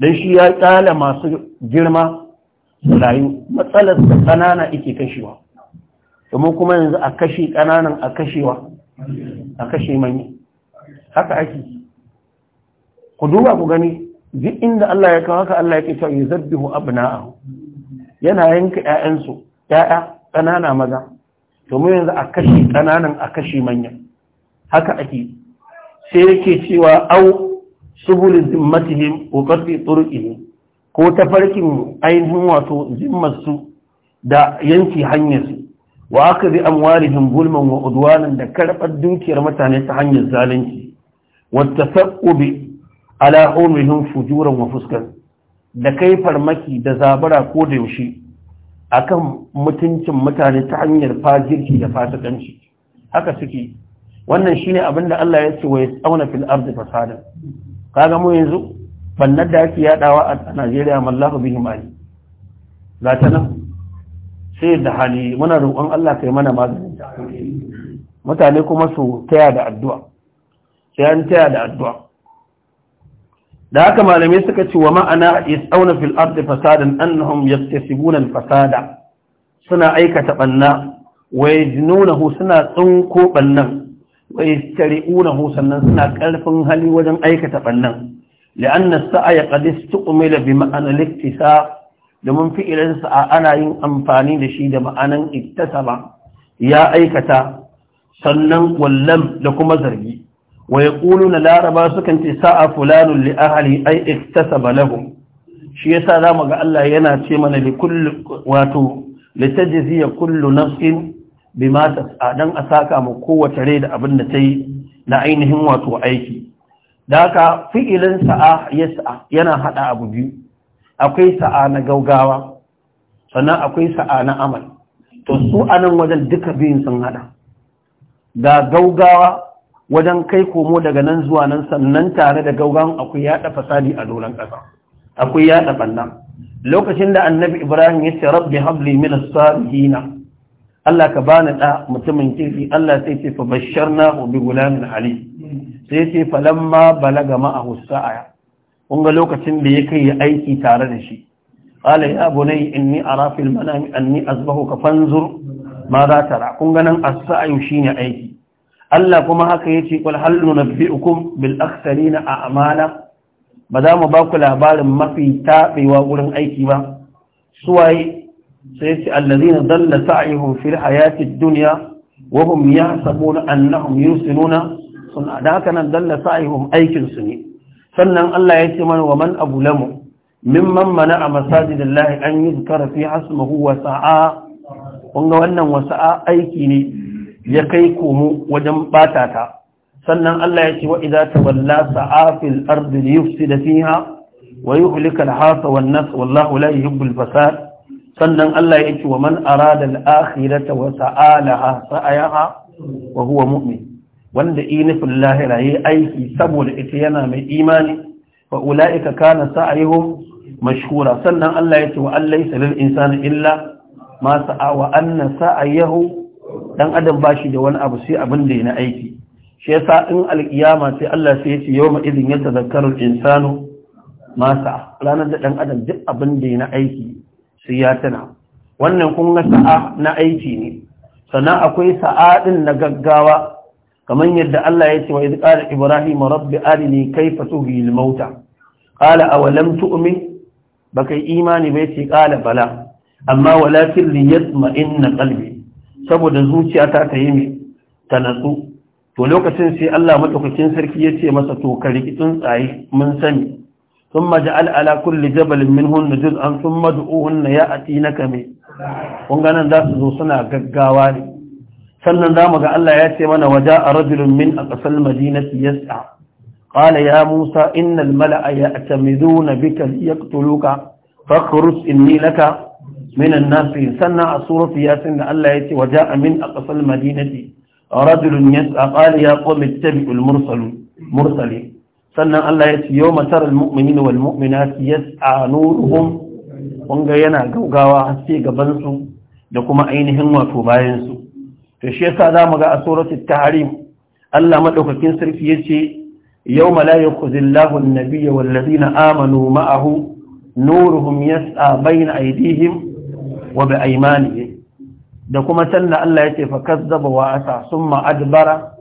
Speaker 1: dan shi ya tsala masu girma su rayu matsalar da kanana ike kashewa kuma kuma yanzu a kashe kananan a kashewa a kashe manyan haka ake ku duba ku gani duk inda Allah ya kawo haka Allah ya yake cewa yuzabbihu abna'ahu yana yanka ƴaƴansu ƴaƴa ƙanana maza to mu yanzu a kashe ƙananan a kashe manya haka ake sai yake cewa au subulin zimmatihim wa qatli turqihim ko ta farkin ainihin wato su da yanki hanyar su. wa aka bi amwarihim gulman wa udwanan da karbar dukiyar mutane ta hanyar zalunci wata faƙobi ala umrihim fujuran wa fuskan da kai farmaki da zabara ko da yaushe akan mutuncin mutane ta hanyar fajirki da fasikanci haka suke wannan shine abin da Allah ya ce wa tsauna fil ardi fasada kaga mu yanzu bannar da ake yadawa a Najeriya mallahu bihim ali ga ta nan sai da hali muna roƙon Allah kai mana maganin ta mutane kuma su taya da addu'a sai an taya da addu'a da haka malamai suka ce wa ma'ana yas'auna fil ardi fasadan annahum yaktasibuna al fasada suna aikata banna wa yajnunahu suna tsinko bannan wa yastari'unahu sannan suna karfin hali wajen aikata bannan la'anna na saa qad istuqmila bi ma'ana al domin sa'a ana yin amfani da shi da ma'anan ittasaba ya aikata sannan wallam da kuma zargi wa na laraba sukan ce sa'a fulanun li ahli ai iktasaba lahum shi yasa zamu ga Allah yana ce mana li kulli wato litajziya kullu nafsin mata tas'a dan a saka mu kowace rai da abin da tayi na ainihin wato aiki da haka fi'ilin sa'a yas'a yana haɗa abu biyu akwai sa'a na gaugawa sannan akwai sa'a na amal to su a nan wajen duka biyun sun hada da gaugawa wajen kai komo daga nan zuwa nan sannan tare da gaugawan akwai yada fasadi a doron ƙasa akwai yada banna lokacin da annabi ibrahim ya ce rabbi habli min as-salihin Allah ka bani da mutumin kirki Allah sai ce fa basharna bi gulamin ali sai ce falamma balaga ma'ahu sa'a kun ga lokacin da ya kai aiki tare da shi ala ya bunay inni a fil manami anni azbahuka fanzur ma za ta kun Kunga nan as shi shine aiki Allah kuma haka yace na bi nunabbiukum bil a a'mala ba za mu ba ku labarin mafi taɓewa wurin aiki ba suwaye sai ce allazina dalla sa'ihum fil hayati dunya wa hum yahsabuna annahum yusinuna sun da haka nan dalla sa'ihum aikin su ne sannan Allah ya ce mana wa man abulamu mimman mana a masajidillahi an yi zukara fi hasmahu wa sa'a kunga wannan wa sa'a aiki ne ya kai komo wajen bata ta sannan Allah ya ce wa idza tawalla sa'a fil ardi yufsida fiha wa yuhlika al-hasa wan nas wallahu la fasad sannan Allah ya ce wa man arada al-akhirata wa sa'a laha sa'ayaha wa huwa mu'min wanda inifin lahira yi aiki saboda ita yana mai imani wa ula'ika kana sa'ayhum mashhura sannan Allah ya ce wa Allah ya lil insani illa ma sa'a wa anna sa'ayahu dan adam bashi da wani abu sai abin da yana aiki shi yasa in alkiyama sai Allah sai ya ce yawma idin yatazakkaru insanu ma sa'a ranar da dan adam duk abin da yana aiki sai ya tana wannan kun ga sa'a na aiki ne sannan akwai sa'a din na gaggawa kamar yadda Allah ya ce wa idh qala ibrahim rabbi arini kayfa tuhyi al-mauta qala aw lam tu'min baka imani bai ce qala bala amma walakin li yatma'inna qalbi saboda zuciyata ta yi mi ta natsu to lokacin sai Allah madaukakin sarki ya ce masa to ka riki tsuntsaye mun sani ثم جعل على كل جبل منهن جزءا ثم دعوهن يأتينك من kun ganin za su zo suna gaggawa ne sannan za mu ga Allah ya ce mana waja a rajulun min a ƙasar madinati ya sa ƙala ya musa innal mala'a ya atamizu na bika ya tuluka fakhruj inni laka min an sannan a suratu yasin da Allah ya ce waja min a ƙasar madinati rajulun yas'a ƙala ya qawmi tabi mursalin sannan Allah ya ce yawma taral mu'minina wal mu'minati yas'a nuruhum kun yana gaugawa haske gaban su da kuma ainihin wato bayan su to shi yasa zamu ga a suratul tahrim Allah maɗaukakin sarki yace yau la yakhuzillahu an-nabiyya wal ladina amanu ma'ahu nuruhum yas'a bayna aydihim wa bi aymanihim da kuma sanna Allah yace fa kazzaba wa asa summa adbara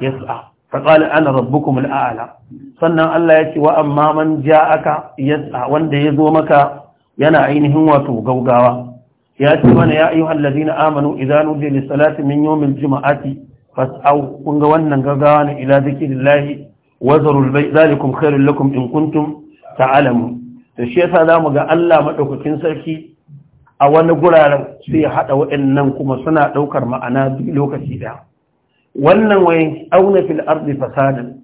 Speaker 1: yas'a fa qala ana rabbukum al-a'la sannan Allah yace wa amma man aka? yas'a wanda zo maka yana ainihin wato gaugawa ya ce mana ya ayyuhal ladina amanu idan nudiya lis salati min yawmil jumu'ati fas'au kun ga wannan gaggawa ne ila zikrillahi wa zarul bay zalikum khairul lakum in kuntum ta'lamun to shi yasa zamu ga Allah madaukakin sarki a wani guraren sai ya hada waɗannan kuma suna daukar ma'ana duk lokaci da wannan wayin auna fil ardi fasadan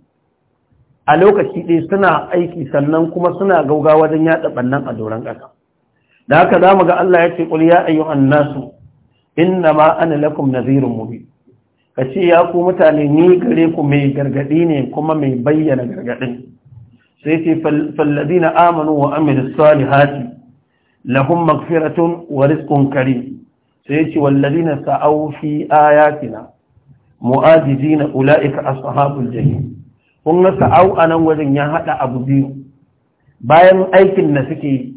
Speaker 1: a lokaci ɗaya suna aiki sannan kuma suna gauga wajen yatsa ɓannan a doron ƙasa da haka za mu ga Allah ya ce a ya In nasu inna ma ana lakum nazirun mubin ka ce ya ku mutane ni gare ku mai gargadi ne kuma mai bayyana gargadin sai ce falladina amanu wa amilus salihati lahum maghfiratun wa rizqun karim sai ce walladina sa'au fi ayatina mu'ajizina ulaika ashabul jahim kun ga sa'au anan wajen ya hada abu biyu bayan aikin da suke yi.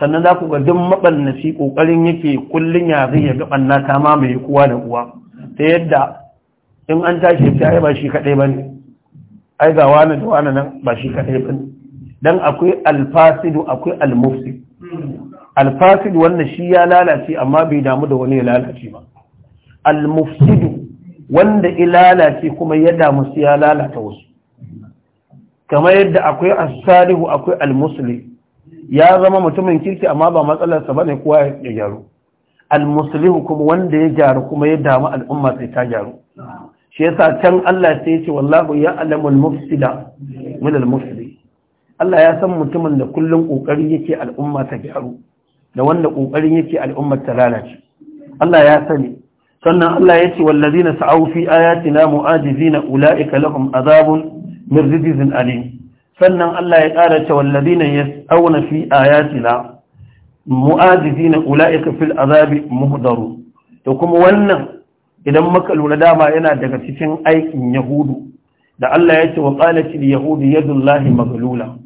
Speaker 1: sannan za ku ga duk maɓannasi ƙoƙarin yake kullum ya zai ya gaɓanna ta mamaye kowa da kowa ta yadda in an tashi ta ai ba shi kaɗai ba ne ai ga wani da wani nan ba shi kaɗai ba ne don akwai alfasidu akwai almufsi alfasidu wannan shi ya lalace amma bai damu da wani ya lalace ba almufsidu wanda ya lalace kuma ya damu su ya lalata wasu kamar yadda akwai asalihu akwai almuslim ya zama mutumin kirki amma ba matsalarsa ba ne kowa ya gyaru almuslihu kuma wanda ya gyaru kuma ya damu al'umma sai ta gyaru shi yasa can Allah sai ya ce wallahu ya alamul mufsida min Allah ya san mutumin da kullun kokari yake al'umma ta gyaru da wanda kokarin yake al'umma ta lalace Allah ya sani sannan Allah ya ce wallazina sa'u fi ayatina mu'ajizina ulaika lahum azabun min rijzin alim sannan Allah ya ƙara cewa ya yas'awna fi ayatina mu'ajizina ulaika fil azabi muhdaru Da kuma wannan idan maka lura dama yana daga cikin aikin yahudu da Allah ya ce wa qalat al yahudu yadullahi Magalula,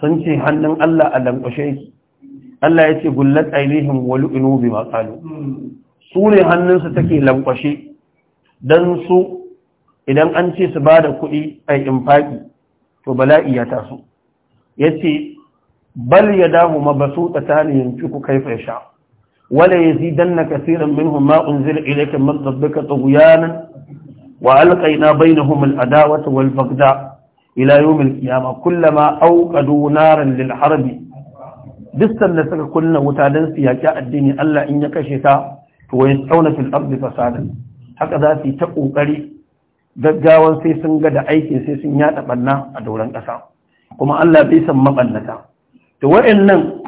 Speaker 1: sun ce hannun Allah a lankwashe Allah ya ce gullat ainihin walu'inu bi ma su ne hannunsa take lankwashe don su idan an ce su bada kuɗi ai infaki to bala'i ya taso yace bal yadahu mabsuutatan yunfiqu kayfa yasha wala yazidanna kaseeran minhum ma unzila ilayka min rabbika tughyana wa alqayna bainahum al'adawata wal-baghdha ila yawm al-qiyamah kullama awqadu naran lil-harbi dukkan da suka kunna wuta don su yaki addini Allah in ya kashe ta to wani tsauna fil ardi fasada haka za su yi ta kokari gaggawan sai sun ga da aikin sai sun yada banna a doron ƙasa kuma Allah bai san mabannata to waɗannan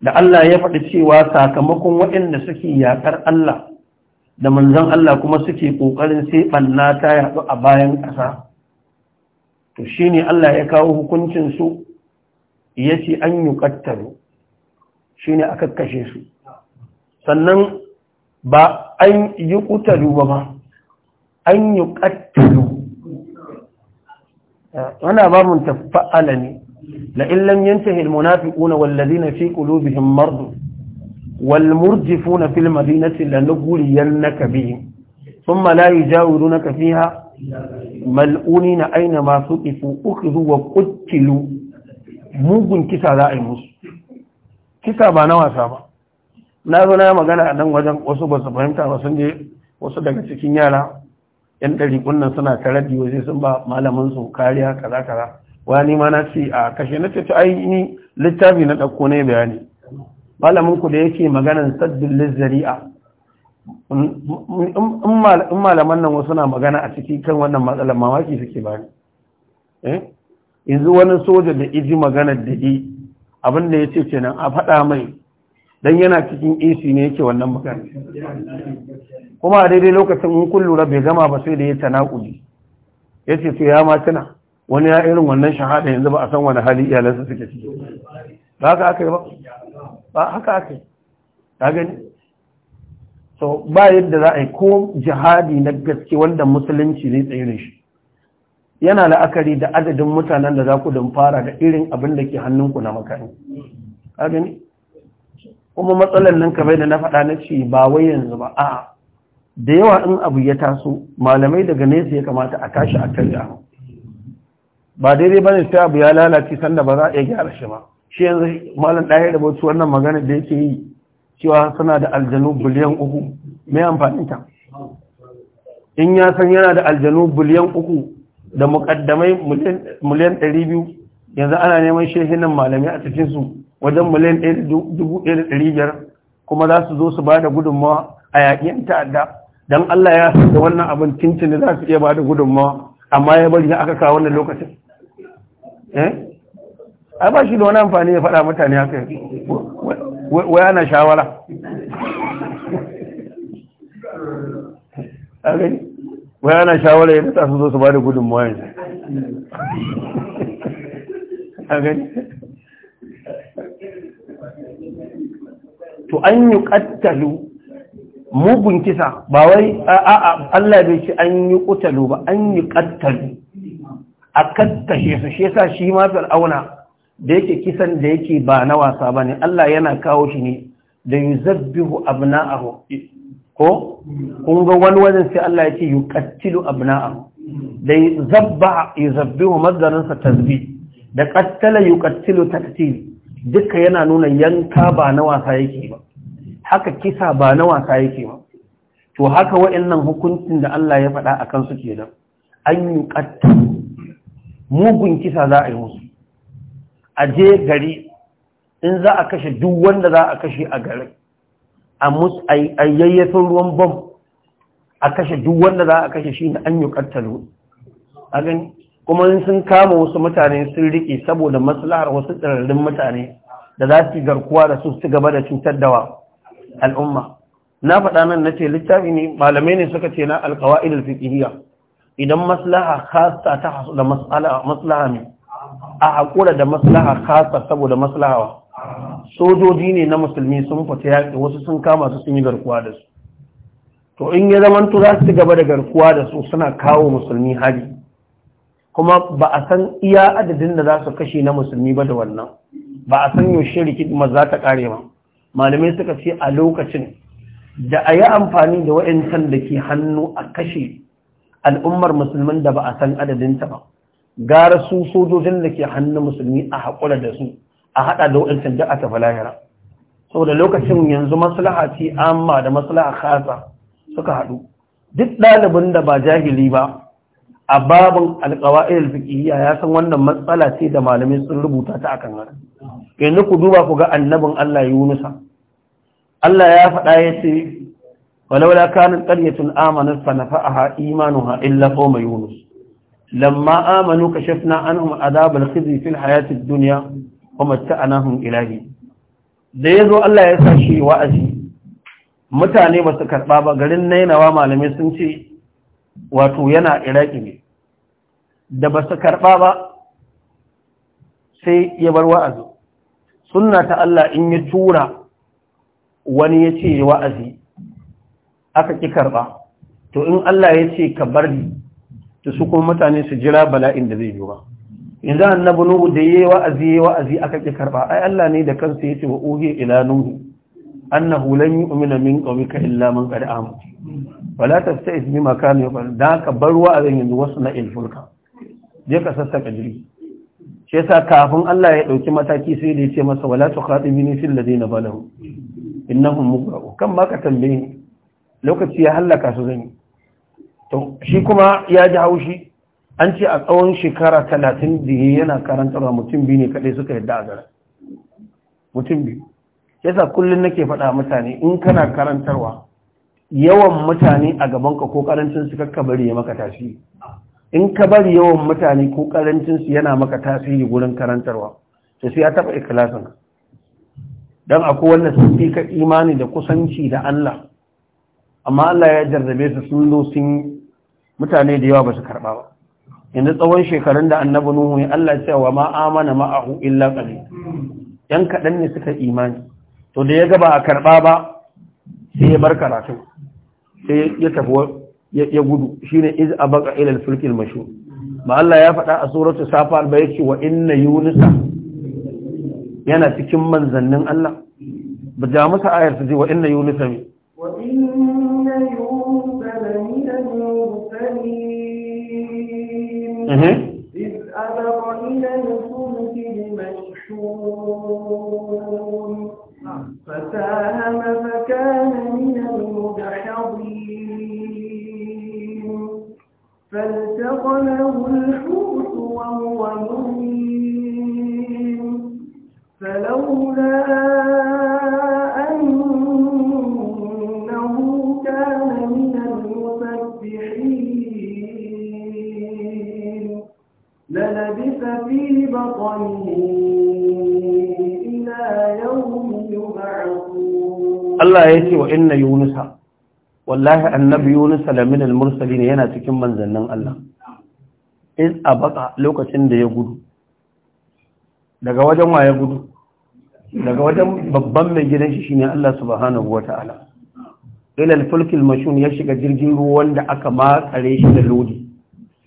Speaker 1: da Allah ya faɗi cewa sakamakon waɗanda suke yakar Allah da manzon Allah kuma suke ƙoƙarin sai banna ta yaɗu a bayan ƙasa to shine Allah ya kawo hukuncin su yace an yuqattalu shine aka kashe su sannan ba an yi kutalu ba ba an yi Ana babun tafa'ala ne la illam yantahi almunafiquna walladhina fi qulubihim na والمرجفون في المدينة لنغرينك na kafiha Mal'uni na aina masu ifu, uku zuwa وقتلوا mugun kisa za a yi musu kisa ba na wasa ba na zo na magana a nan wajen wasu ba su fahimta ba sun je wasu daga cikin yara yan ɗari kunnan suna ta rabi waje sun ba malaman su kariya kaza kaza wani ma na ce a kashe na ce ainihin ni littafi na ɗauko ne bayani malamin ku da yake maganan saddin lizzari'a in malaman nan wasu na magana a ciki kan wannan matsalar mamaki suke ba ne. Eh? yanzu wani soja da iji maganar da yi abinda ya ce kenan a faɗa mai dan yana cikin AC ne yake wannan magana kuma a daidai lokacin in kun lura bai gama ba sai da ya tanakuli ce to ya ma tana wani ya irin wannan shahada yanzu ba a san wani hali iyalansa suke ciki ba haka aka yi ba ba haka aka yi ka gani so ba yadda za a yi ko jihadi na gaske wanda musulunci zai tsaye shi yana la'akari da adadin mutanen da za ku dan fara da irin abin da ke hannunku na makarin ka gani kuma matsalar nan kamar da na faɗa na ce ba wai yanzu ba a da yawa in abu ya taso malamai daga nesa ya kamata a tashi a karya ba daidai ba ne sai abu ya lalace sanda ba za a iya gyara shi ba shi yanzu malam ɗaya da bautu wannan magana da yake yi cewa suna da aljanu biliyan uku mai amfanin ta in ya san yana da aljanu biliyan uku da muƙaddamai miliyan ɗari biyu yanzu ana neman shehinan malamai a cikin su wajen miliyan biyar kuma za su zo su ba da gudunmawa a yaƙin ta'adda don Allah ya da wannan abin cincin za su iya ba da gudunmawa amma ya bari aka kawo wannan lokacin eh a ba shi da wani amfani ya faɗa mutane haka waya na shawara waya na shawara yadda ta su zo su ba da gudunmawa yanzu a gani to an yi ƙattalu mugun kisa ba wai a'a Allah bai ce an yi ƙutalu ba an yi ƙattalu a ƙattashe su shi yasa shi ma fir'auna da yake kisan da yake ba na wasa ba ne Allah yana kawo shi ne da yi yuzabbihu abna'ahu ko kun ga wani wajen sai Allah ya ce yi yuqattilu abna'ahu da yi zabba yi yuzabbihu mazdaransa tasbi. da ƙattala yi yuqattilu taktili duka yana nuna yanka ba na wasa yake ba haka kisa ba na wasa yake ba to haka wa'annan hukuncin da Allah ya faɗa a kansu nan, an yi ƙatta mugun kisa za a yi musu a je gari in za a kashe duk wanda za a kashe a garin a yayyafin ruwan bom a kashe duk wanda za a kashe shi na an yi ƙattalo a gani kuma sun kama wasu mutane sun riƙe saboda maslahar wasu tsirarrin mutane da za su garkuwa da su su gaba da cutar da al'umma na faɗa nan na ce littafi ne malamai ne suka ce na idan alfiqhiyya idan maslaha kasa ta hasu da maslaha ne a haƙura da maslaha kasa saboda maslaha sojoji ne na musulmi sun fita yaƙi wasu sun kama su sun yi garkuwa da su to in ya zamantu za su gaba da garkuwa da su suna kawo musulmi hari kuma ba a san iya adadin da za su kashe na musulmi ba da wannan ba a san yaushe ma za ta kare ma malamai suka ce a lokacin da a yi amfani da wa'yancan da ke hannu a kashe al'ummar musulman da ba a san adadin ta ba gara su sojojin da ke hannu musulmi a haƙura da su a haɗa da wa'yancan da a tafi lahira saboda lokacin yanzu maslaha ce amma da maslaha khasa suka haɗu duk ɗalibin da ba jahili ba a babin alƙawa'il fiqhiyya ya san wannan matsala ce da malamai sun rubuta ta akan haka yanzu ku duba ku ga annabin Allah Yunusa Allah ya faɗa ya ce walaula kanat qaryatun amanat fa nafa'aha imanuha illa qawma yunus lamma amanu kashafna anhum adab al-khizy fi al ad-dunya wa matta'nahum ilahi da yazo Allah ya sa wa'azi mutane ba su karba ba garin nainawa malamai sun ce wato yana iraki ne da ba su karɓa ba sai ya bar wa'azi sunna ta Allah in ya tura wani ya ce wa'azi aka ƙi karɓa to in Allah ya ce ka bar ni to su kuma mutane su jira bala'in da zai yi ba In yanzu annabi nuhu da yi wa'azi ya yi wa'azi aka ƙi karɓa ai Allah ne da kansa ya ce wa uhi ila nuhu annahu lan yu'mina min qawmika illa man qad amana wala tastaiz bima kanu ba. da aka bar wa'azin yanzu wasu na ilfulka je ka sassaka jirgi shi yasa kafin Allah ya dauki mataki sai da ya ce masa wala tuqatibini fil ladina balahu innahum mugra'u kan baka ka tambaye ni lokaci ya halaka su zan to shi kuma ya ji haushi an ce a tsawon shekara talatin da yana karantarwa mutum biyu ne kade suka yadda a gara mutum biyu yasa kullum nake faɗa mutane in kana karantarwa yawan mutane a gaban ka ko karancin su kakkabari ya maka tashi in ka bari yawan mutane ko karancinsu yana maka tasiri gurin karantarwa to sai ya taɓa ikilasin don akwai wanda sun fi ka imani da kusanci da Allah amma Allah ya jarrabe su sun zo sun mutane da yawa ba su karɓa ba yanzu tsawon shekarun da annabi nuhu ya Allah cewa ma amana ma a illa qalil yan kaɗan ne suka imani to da ya gaba a karɓa ba sai ya bar karatu sai ya tafi ya gudu shine iz abaka ila al-fulk al-mashhur ba Allah ya faɗa a suratul safar ba yake wa inna yunusa yana cikin manzannin Allah ba ja masa ayar ta ji wa inna yunusa mi
Speaker 2: wa inna yunusa min al-mursalin eh iz abaka ila al-fulk al-mashhur
Speaker 1: Allah ya ce wa inna Yunusa, wallahi annabi Yunusa da al mursali ne yana cikin manzannin Allah, in a baka lokacin da ya gudu, daga wajen wa ya gudu. daga wajen babban mai gidan shi shine Allah subhanahu wata'ala ila al-fulk al-mashun ya shiga jirgin ruwa wanda aka makare shi da lodi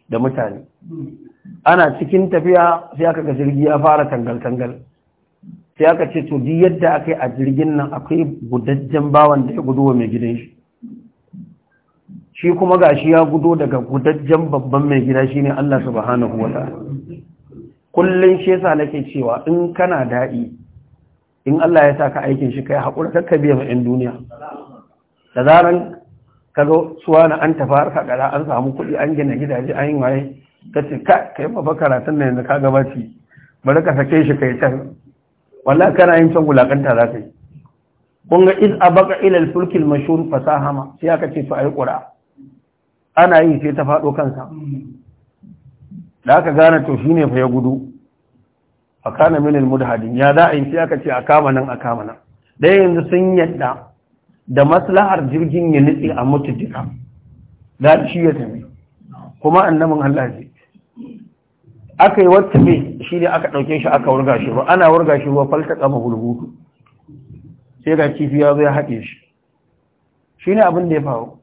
Speaker 1: da mutane ana cikin tafiya sai aka ga jirgi ya fara tangal tangal sai aka ce to duk yadda aka yi a jirgin nan akwai gudajjen bawan da ya gudu wa mai gidan shi shi kuma gashi ya gudo daga gudajjen babban mai gida shine Allah subhanahu wata'ala kullun shi yasa nake cewa in kana da'i in Allah ya sa ka aikin shi kai haƙura kakka biya ma'in duniya da zaran ka zo suwa na an tafi harka gara an samu kuɗi an gina gidaje an yi waye ka ce ka kai ba karatun da yanzu ka gabaci bari ka sake shi kai can wallah kana yin can wulaƙanta za ka yi kun ga iz abaka ila al-fulkil mashhur fasahama sai aka ce to ayi qura ana yi sai ta faɗo kansa da aka gane to shine fa ya gudu a kana minil mudhadin ya za a yi sai aka ce a kama nan a kama nan Ɗaya yanzu sun yadda da maslahar jirgin ya nutse a mutu duka da shi ya tafi kuma annabin Allah ce aka yi wata mai shi ne aka ɗauke shi aka wurga shi ba ana wurga shi ba falta kama hulhutu sai ga kifi ya zo ya haɗe shi shi ne abin da ya faru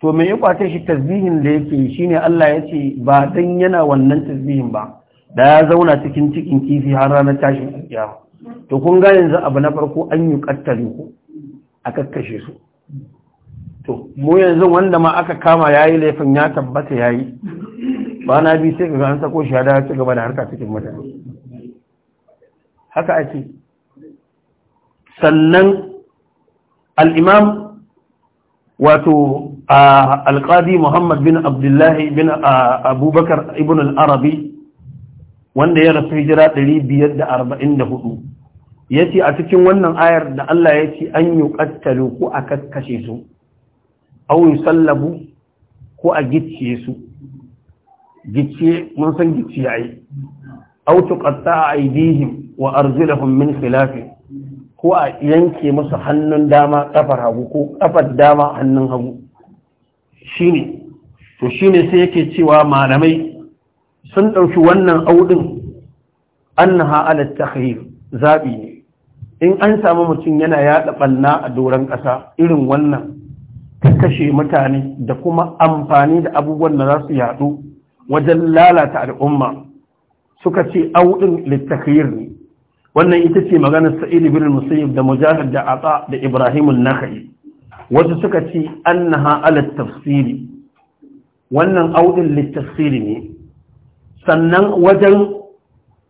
Speaker 1: to mai yi kwace shi tasbihin da yake shi ne Allah ya ce ba dan yana wannan tasbihin ba da ya zauna cikin cikin kifi har ranar tashin alƙiyama to kun ga yanzu abu na farko an yi kattali ku a kakkashe su to mu yanzu wanda ma aka kama yayi laifin ya tabbata yayi ba na bi sai ga an sako shi ya dawo gaba da harka cikin mutane haka ake sannan al-imam wato alqadi Muhammad bin Abdullahi bin Abubakar ibn al-Arabi wanda ya rasu hijira 544 ce a cikin wannan ayar da Allah ya ce an yi ƙattalo ko a kakkashe su aw sallabu, ko a gicciye su gicciye mun san gicciye ai aw a aydihim wa arjuluhum min filafi ko a yanke musu hannun dama kafar hagu ko kafar dama hannun hagu Shi ne. to shi ne sai yake cewa malamai sun ɗauki wannan auɗin annaha ala zaɓi zabi ne in an samu mutum yana yaɗa ɓanna a doron ƙasa irin wannan ta kashe mutane da kuma amfani da abubuwan da za su yaɗu wajen lalata al'umma suka ce auɗin littakhir ne wannan ita ce maganar sa'id ibn musayyib da mujahid da da ibrahim an-nakhai wasu suka ce annaha ala tafsiri wannan auɗin littafsiri ne sannan wajen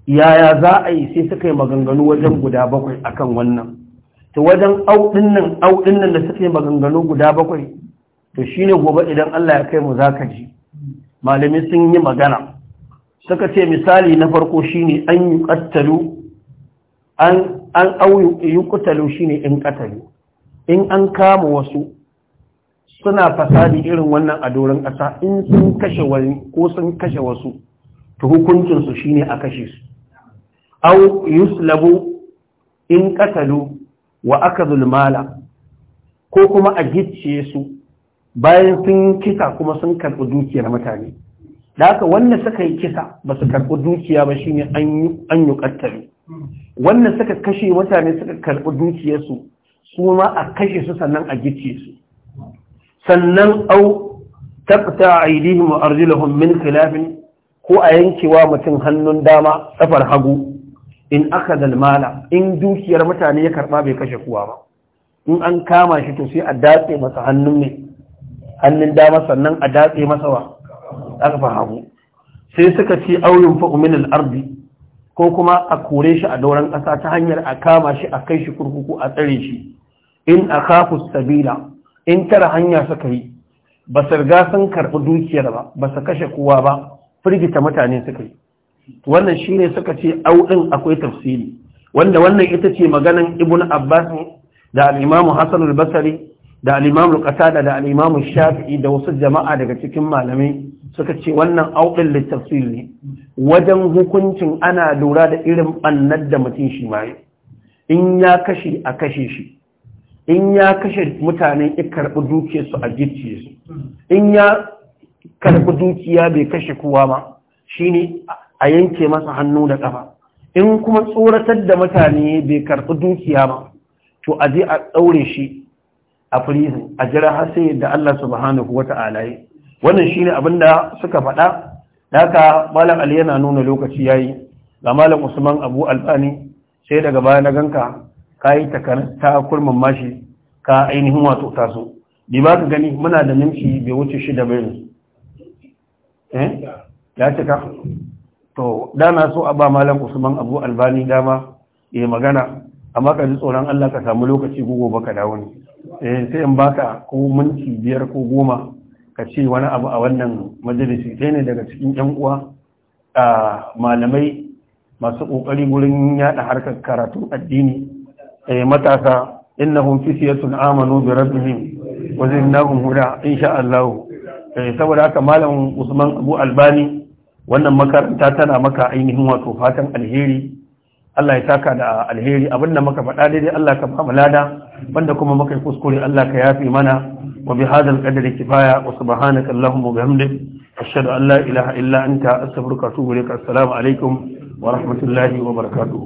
Speaker 1: yaya za a yi sai suka yi maganganu wajen guda bakwai akan wannan ta wajen auɗin nan da suka yi maganganu guda bakwai to shi ne gobe idan Allah ya kai mu za ka ji malami sun yi magana suka ce misali na farko shine an yi ƙattalu an shine in kattalu in an kama wasu suna fasadi irin wannan a doron ƙasa in sun kashe wani ko sun kashe wasu to shi shine a kashe su au yuslabu in katalu wa aka zulmala ko kuma a gicciye su bayan sun kisa kuma sun karɓi dukiyar mutane da haka wannan suka yi kisa ba su karɓi dukiya ba shine an yi kattalu suka kashe mutane suka karɓi dukiyarsu su ma a kashe su sannan a gicciye su sannan au taqta aydihim wa arjuluhum min khilafin ko a yankewa mutum hannun dama safar hagu in aka dalmala in dukiyar mutane ya karba bai kashe kuwa ba in an kama shi to sai a datse masa hannun ne hannun dama sannan a datse masa wa kafar hagu sai suka ce auyin fa arzi, ardi ko kuma a kore shi a dauran ƙasa ta hanyar a kama shi a kai shi kurkuku a tsare shi in a akhafu sabila in tara hanya suka yi ba su riga sun karɓi dukiyar ba ba su kashe kowa ba firgita mutane suka yi wannan shi ne suka ce auɗin akwai tafsiri wanda wannan ita ce maganan ibn abbas da al'imamu hassan al-basari da al'imamu qatada da al'imamu shafi'i da wasu jama'a daga cikin malamai suka ce wannan auɗin littafsiri ne wajen hukuncin ana lura da irin ɓannar da mutum shi ma in ya kashe a kashe shi in ya kashe mutane in karɓi dukiyarsu a gicciye su in ya karɓi dukiya bai kashe kowa ba shine a yanke masa hannu da ƙafa in kuma tsoratar da mutane bai karfi dukiya ba to a je a ɗaure shi a prison a jira har sai da Allah subhanahu wata'ala yi wannan shine abin da suka faɗa ka, malam Ali yana nuna lokaci yayi ga malam Usman Abu Albani sai daga baya na ganka kai ta kurmin mashi ka ainihin wato taso bi ba ka gani muna da minti bai wuce shi da bai Eh? ya cika to dana so a ba malam usman abu albani dama ya magana amma ka ji tsoron allah ka samu lokaci gugu ka dawo ne eh, sai in baka ko minti biyar ko goma ka ce wani abu a wannan majalisi sai ne daga cikin yan uwa a malamai masu kokari wurin yada harkar karatu addini eh, matasa innahum fi amanu bi rabbihim wa zinnahum huda insha Allah Eh, saboda haka malam usman abu albani wannan makaranta tana maka ainihin wato fatan alheri Allah ya taka da alheri abinda muka faɗa daidai Allah ka ba lada banda kuma muka yi kuskure Allah ka yafi mana wa bi hadal qadri kifaya wa subhanaka allahumma wa bihamdik ashhadu an la ilaha illa anta astaghfiruka wa atubu ilaik assalamu alaikum wa rahmatullahi wa barakatuh